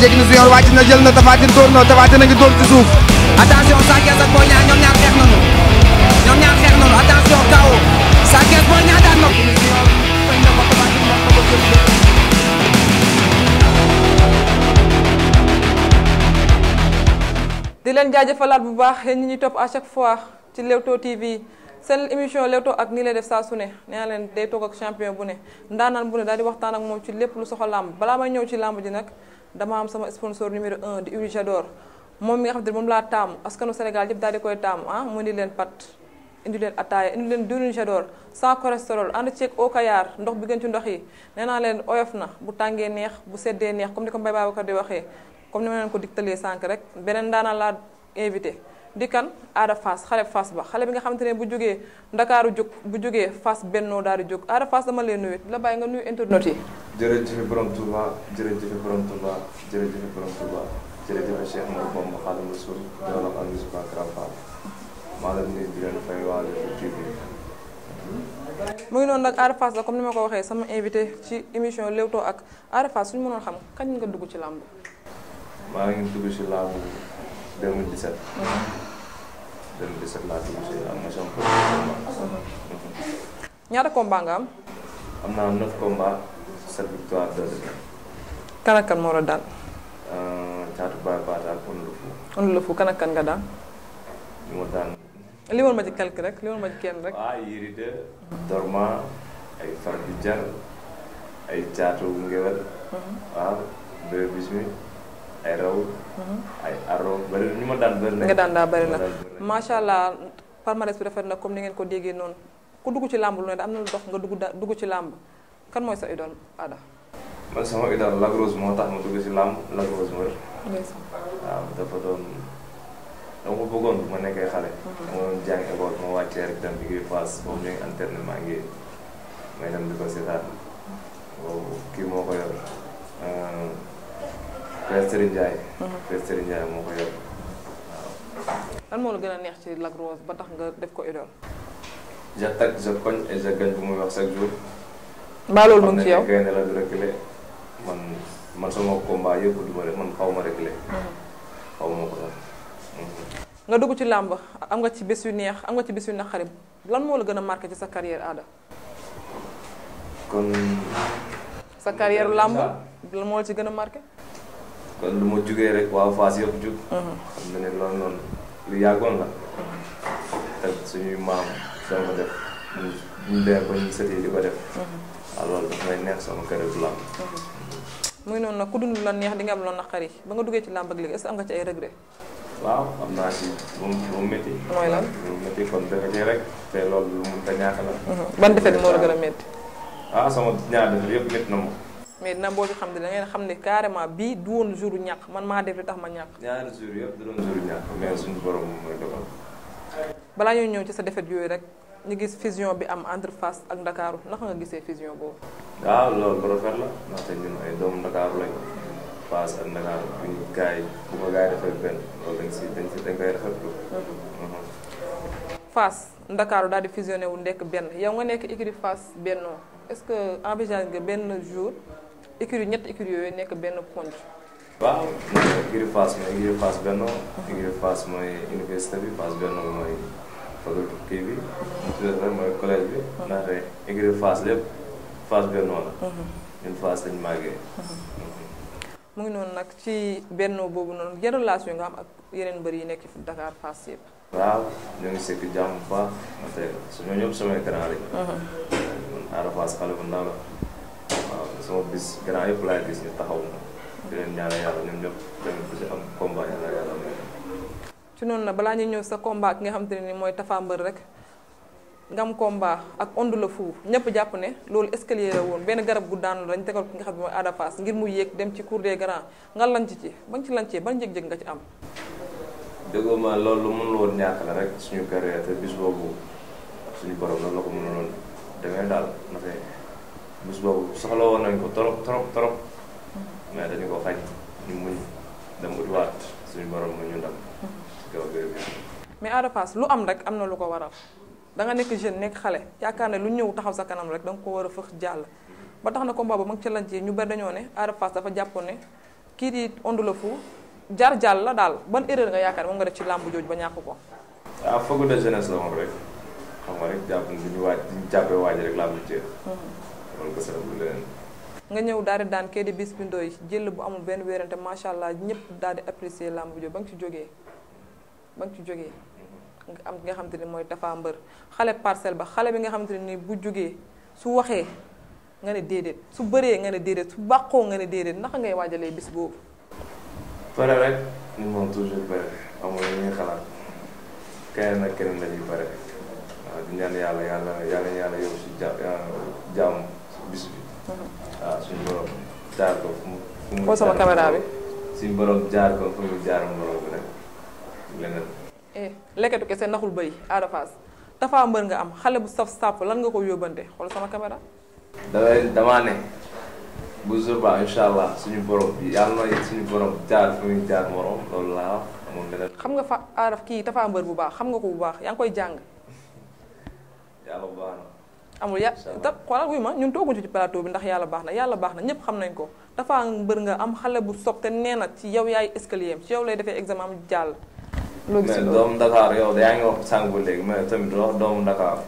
jéggi na si yoon wàcc na jël a ngi dóor ci na di leen jaajëfalaat bu baax yéen ñi ñuy topp à chaque fois ci Leewtoo TV seen émission Leewtoo ak nii lay def saa su ne leen day toog ak champion bu ne ndaa naan bu ne daal di waxtaan ak moom ci lépp lu soxal làmb balaa may ñëw ci làmb ji nag dama am sama sponsor numéro un di Uri moom mi nga xam ne moom laa taamu askanu Sénégal yëpp daal di koy taamu ah mu indi leen pat indi leen ataaya indi leen diwlin Jador sans cholestérol ànd ceeg eau Kayar ndox bi gën ci ndox yi nee naa leen oyof na bu tàngee neex bu seddee neex comme ni ko Mbaye Babacar di waxee comme ni ma leen ko digtalee sànq rek beneen daanaan laa invité di kan aada Fass xale fas ba xale bi nga xamante ne bu jógee ndakaaru jóg bu jógee Fass bennoo daal di jóg aada Fass dama leen nuyu la bàyyi nga nuyu internet yi jërëjëf borom Touba jërëjëf borom Touba jërëjëf borom Touba jërëjëf Cheikh Mor Bamba Xaadimu Rasuul doon ak Aliou Souba Krapal maa leen nuyu di leen fay nag Ada la comme ni ma ko waxee sama invité ci émission Leewtoo ak Ada Fass mënoon xam kañ nga dugg ci làmb. maa ngi dugg ci làmb ñaata combat am. naa 9 combat. sept victoire moo la daan. Thiatou Baye Bata ak Ondou Lofou. Ondou Lofou kan nga daan. li ma daan. rek li woon kenn rek. waaw Yiri de. Mhm. Dorma ay ay Thiatou Ngewel. Mhm. waaw Bébé Bismi ay raw mhm. ay aro bëri ñu ma daan bëri na. nga daa bëri na macha allah palmarès bi rafet na comme ni ngeen ko déggee noonu ku dugg ci làmb lu ne da am na lu dox nga dugg da dugg ci làmb. kan mooy sa idole Ada. man sama idole Lac moo tax ma dugg si làmb Lac Rose mbër. waaw dafa doon dama ko bëggoon bu ma nekkee xale. Mhm. dama doon jàng école ma wàccee rek dem liggéey Fass boobu antenne maa ngi may dem di ko seetaan boobu euh, mhm. la gën ba tax nga def ko idole. j'attaque je cogne et je gagne bu muy wax chaque jour. mbaa loolu mu ngi ci yow xam man man sama combat yëpp rek man xaw ma réglé. Mm-hmm. xaw ma ko sax. Mm-hmm. nga dugg ci làmb am nga ci bés yu neex am nga ci bés yu naqari lan moo la gën a marqué ci sa carrière aada. kon. sa carrière làmb ah. lan moo la ci gën a marqué. kon lu ma jugee rek waa Fass yëpp jug. Mm-hmm. xam ne loolu noonu yàggoon la. te suñuy maam daan ko def. ñu leer ba ñu sëtee di ko def. waaw ah, loolu daf may neex sama kër bu làmb mhm. muy noonu nag ku dund la neex di nga am loolu naqar yi ba nga duggee ci làmb ak léegi est-ce am nga ci ay regret waaw am naa ci bu bu métti mooy lan bu métti kon defe ci rek te loolu lu mun ta ñàkk la mhm. ban defet bi moo la gën a métti ah sama ñaar defet yëpp métti na moom mais dina boo ci xam ne da ngeen xam ne carrément bii du woon jour ñàkk man maa def li tax ma ñàkk ñaari jour yëpp du doon jour ñàkk mais suñu balaa ñoo ñëw ci sa defet yooyu rek ñu gis fusion bi am entre Fass ak Ndakaaru ndax nga gisee fusion boobu. waaw loolu bu rafet la ndaxte ñun ay doomu Ndakaaru lañu Fass ak Ndakaaru bu gaay bu ko gaay defee benn loolu dañ si dañ si dañ koy rafetlu. Mhm. Fass Ndakaaru daal di wu nekk benn yow nga nekk écurie Fass bennoo est-ce que envisage nga benn jour écurie ñetti écurie yooyu nekk benn ponc. waaw mooy écurie Fass mooy écurie Fass bennoo. écurie Fass mooy université bi Fass bennoo mooy. photo kii mooy collège bi ndaxte écrit Fass lépp Fass benn la ñun Fass lañ màggee mu ngi noonu nag ci benn boobu noonu yan relation nga am ak yeneen mbër yi nekk fi Dakar Fass yëpp waaw ñu ngi sekk jàmm bu baax ndaxte suñu ñoom samay grand lañ man mhm. Ada Fass xale bu ndaw la waaw sama bis grand yëpp laay gis ñu taxaw na di leen ñaanal yàlla ñoom ñëpp ci noonu na balaa ñuy ñëw sa combat ki nga xamante ne nii mooy Tapha Mbeur rek nga am ak Onde la Fou ñëpp jàpp ne loolu escalier la woon benn garab gu daanu lañ tegal ki nga xam ne mooy Ada Fass ngir mu yéeg dem ci cour des grands nga lanc ci ba nga ci lancee ban jëg-jëg nga ci am. déggoo ma loolu mënul woon ñàkk la rek suñu carrière te bis boobu ak suñu borom loolu la ko mënuloon demee daal na fay bis boobu soxla woon nañ ko trop trop trop mais Ada Fass lu am rek am na lu ko waral da nga nekk jeune nekk xale yaakaar ne lu ñëw taxaw sa kanam rek da ko war a fëx jàll ba tax na combat ba mag lañ ci ñu bari dañoo ne Ada Fass dafa jàppoon kii di Onde le Fou jar jàll la daal ban nga yaakaar moom nga def ci làmb jooju ba ñàkk ko. ah foogu de jeunesse la xam nga rek jàpp nañ rek làmb ji ko seen bu nga ñëw daal di daan kii di bis bindoo jël bu amul benn wérante macha allah ñëpp daal di apprécier làmb jooju ba nga ci jógee. ba nga ci jógee nga am nga xamante ni mooy Tapha Mbeur xale parcelle ba xale bi nga xamante ne nii bu jógee su waxee nga ne déedéet su bëree nga ne déedéet su bàqoo nga ne déedéet naka ngay waajalee bis boobu. pare rek ñu moom toujours pare amul lu ñuy xalaat keneen ak keneen la ñuy pare waaw di ñaan yàlla yàlla yàlla yàlla yow si ja jàmm si bis bi. Mhm. waaw suñu borom jaar ko fu mu. sama caméra bi. suñu borom jaar ko fu mu jaar morom leneen. eh leketu kese naxul bay Ada Fass Tapha nga am xale bu saf sàpp lan nga ko yóbbante xool sama caméra. damay damaa ne bu jour ba incha xam nga fa Ada kii Tapha Mbeur bu baax xam nga ko bu baax yaa ngi koy jàng. yàlla bu baax na. amul ya ta xoolal wuy ma ñun tooguñu ci plateau bi ndax yàlla baax na yàlla baax na ñëpp xam nañ ko Tapha Mbeur nga am xale bu sob te nee ci yow yaay escalier ci yow lay defee examen am jàll. loo gis mais doomu Dakar yow yaa ngi wax sànq doomu Dakar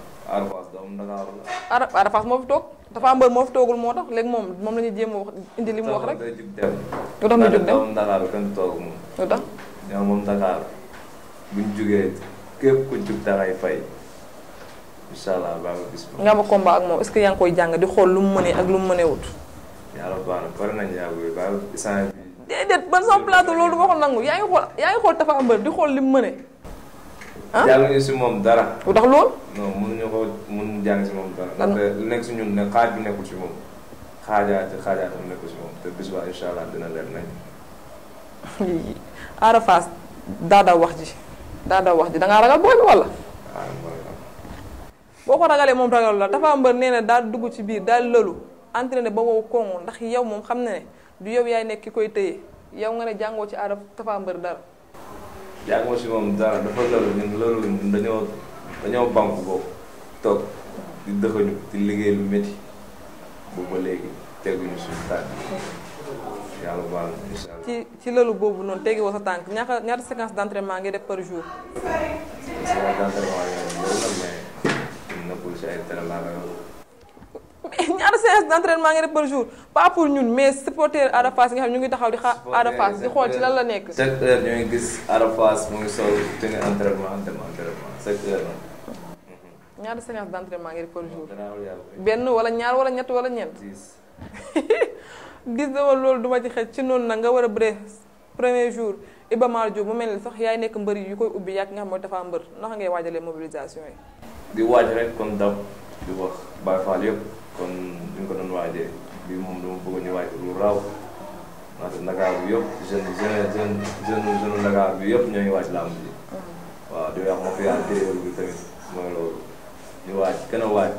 Ada moo fi toog dafa mbër moo fi toogul moo tax léegi moom moom la ñuy jéem a wax indi li mu wax rek. lu tax mu jug dem doomu Dakar kenn toogu moom. lu képp ku jug da fay. nga gis. nga ak moom est yaa ngi koy jàng di xool lu mu mënee ak lu mu mënee wut. yàlla baax na pare nañ yaa ngi déedéet ban sama loolu du ma nangu yaa ngi xool yaa ngi xool Tapha Mbeur di xool li mu mëne. ah jànguñu si moom dara. lu tax loolu. non mënuñu ko mënuñu jàng si moom dara. nekk si ñun ne xaaj bi nekkul si moom te bis ba allah dina leer nañ. Ada Fass wax ji daa wax ji da ngaa ragal booy bi wala. Ah, boo ko ragalee moom ragal la Tapha Mbeur nee na daal dugg ci biir daal lëlu entraîné ba wow koŋŋ ndax yow moom xam na ne. du yow yaay nekk ki koy téye yow nga ne jàngoo ci aada Tapha Mbeur dara. jàngoo ci moom dara dafa loolu ñun loolu ñun dañoo banku boobu toog di dëxañu di liggéey lu métti ba léegi teguñu suñu tànk ci ci loolu boobu noonu tegi woo sa tànk ñaata ñaata séquence d' ngi ngay def par jour. séquence d' entraînement yooyu nag mais na ko si ay tëralaat ñaata séance d'entraînement nga def par jour pas pour ñun mais supporter Ada Fass nga xam ñu ngi taxaw di xaar Ada Fass di xool ci lan la nekk. chaque heure ñu ngi gis Ada Fass mu ngi sol tenue entraînement dem entraînement chaque heure. Mhm. ñaata séance d'entraînement nga def par jour. benn wala ñaar wala ñett wala ñeent. gis dama loolu duma ci xel ci noonu nag nga war a bëree premier jour Iba Mar mu mel sax yaay nekk mbër yi yu koy ubbi yaa ngi nga xam mooy dafa mbër ndax ngay waajalee mobilisation yi. di waaj rek kon dab di wax Baye yëpp kon ñu ko doon waajee bi moom dama bëgg ñu waaj lu raaw ndaxte Dakar bi yëpp jeune jeune jeune jeune ñoo ngi waaj làmb ji tamit mooy loolu di waaj gën waaj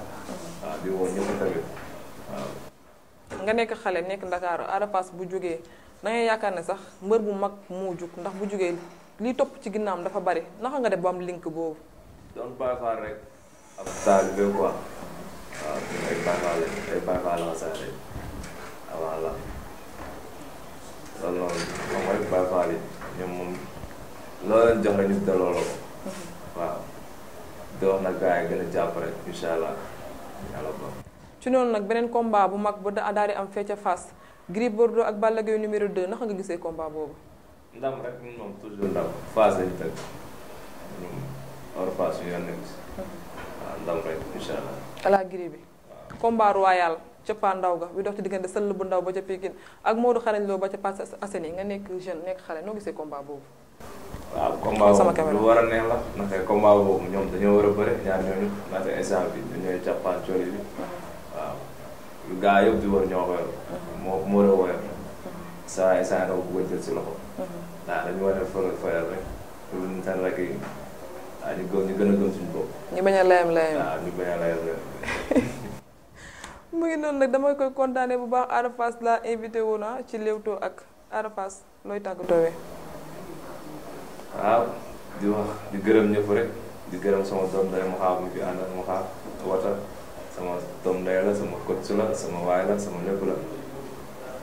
waaw di woo ñëpp tamit waaw nga nekk xale nekk Ndakaaru Ada Fass bu jógee da yaakaar ne sax mbër bu mag moo jug ndax bu jógee lii topp ci ginnaam dafa bari naka nga def ba link boobu doon Baye rek ab taalibe quoi waaw ay Baay Faal ay Baay Faal wasaare voilà loolu noonu moom mooy Baay Faal yi ñoom moom loo leen jox rek ñu delloo la ko waaw di wax nag gars yi gën a jàpp rek incha allah yàlla ba ci noonu nag beneen combat bu mag bu daal di am fee ca Fass Gris Bordeaux ak Balla Gaye numéro 2 naka nga gisee combat boobu. ndam rek ñun moom toujours ndam Fass lañ tëgg ñun hors Fass ñu yoon nekk ndam rek incha allah. ala giri bi. combat royal cëppaa ndaw ga bi dox ci diggante sëll bu ndaw ba ca Pikine ak Modou xarañ loo ba ca Parcelles Assainies nga nekk jeune nekk xale noo gisee combat boobu. waaw combat boobu lu war a neex la ndaxte combat boobu ñoom dañoo war a bëre ñaar ñooñu ndaxte instant bi dañooy càppaan coole bi waaw lu gaa yëpp di war ñoo ko yor moo moo la woyal saa a jël mhm. war a fële fayal rek lu ñu rek waaw ñu gën ñu gën a suñu bopp. ñu bañ a layam layam waaw ñu bañ a layam layam. mu ngi noonu nag dama koy kontaanee bu baax Ada Fass laa invité woon ah ci Leewtoo ak Ada Fass looy tàggatoo waaw di wax di gërëm ñëpp rek di gërëm sama doom ndey mu xaar mu fi la sama coach la sama waay la sama lépp la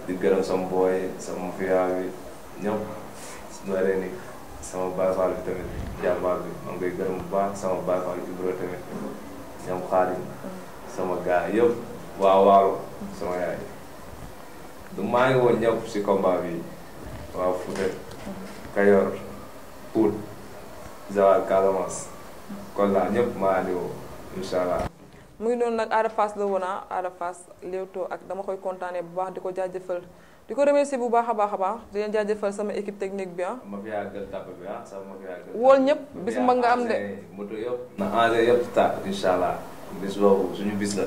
di gërëm sama booy sama fiyaa bi ñëpp su sama baay faal bi tamit jàmbaar bi ma ngi baax sama baay faal bi Ibra tamit ñoom sama gaa yëpp waa waalo sama yaay du maa ngi woon ñëpp si combat bi waa Fuuta Kayoor Pout Joal Casamance Kolda ñëpp maa andi woo incha mu ngi noonu nag Ada Fass la woon ah Ada Fass Leewtoo ak dama koy kontaanee bu baax di ko jaajëfal di ko remercier bu baax a baax a baax di leen jaajëfal sama équipe technique bi ah. ma fi yàggal tàpp bi ah sama wool ñëpp bis ma nga am de. moto yëpp. na engrais yëpp tàpp incha allah bis boobu suñu bis la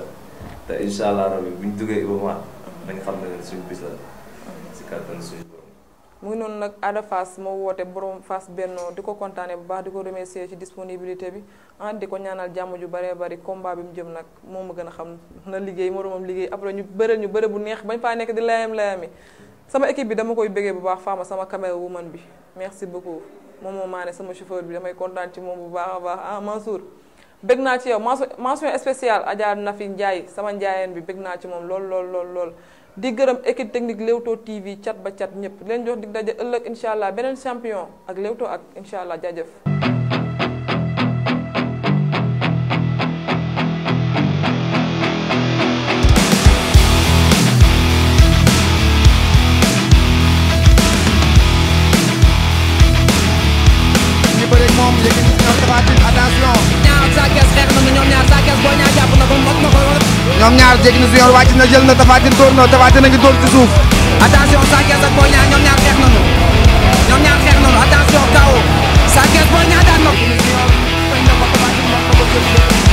te incha allah rabi bu ñu duggee Iba Mar mhm. xam ne suñu bis la si kattan suñu. mu ngi noonu nag Ada Fass moo woote borom Fass Benno di ko kontaane bu baax di ko remercier ci disponibilité bi en ah, di ko ñaanal jàmm ju bëree bëri combat bi mu jëm nag moom ma gën a xam na liggéey moromam liggéey après ñu bëreel ñu bëre bu neex bañ faa nekk di layam layami sama équipe bi dama koy bëggee bu baax faama sama caméra woman bi merci beaucoup moom moo maane sama chauffeur bi damay kontaan ci moom bu baax a baax ah Mansour bëgg naa ci yow mention spéciale Adja fi Ndiaye sama njaayeen bi bëgg naa ci moom lool lool lool lool di gërëm équipe technique Leewtoo TV cat ba cat ñëpp leen jox dig daje ëllëg incha allah beneen champion ak Leewtoo ak incha allah jaajëf ñoom ñaar jéggi na si yoon wàcc na jël na Tapha Tine dóor na Tapha ngi dóor ci suuf attention Sa ñoom ñaar xeex nañu ñoom ñaar xeex nañu attention kaw Sa Thiès Boy daan na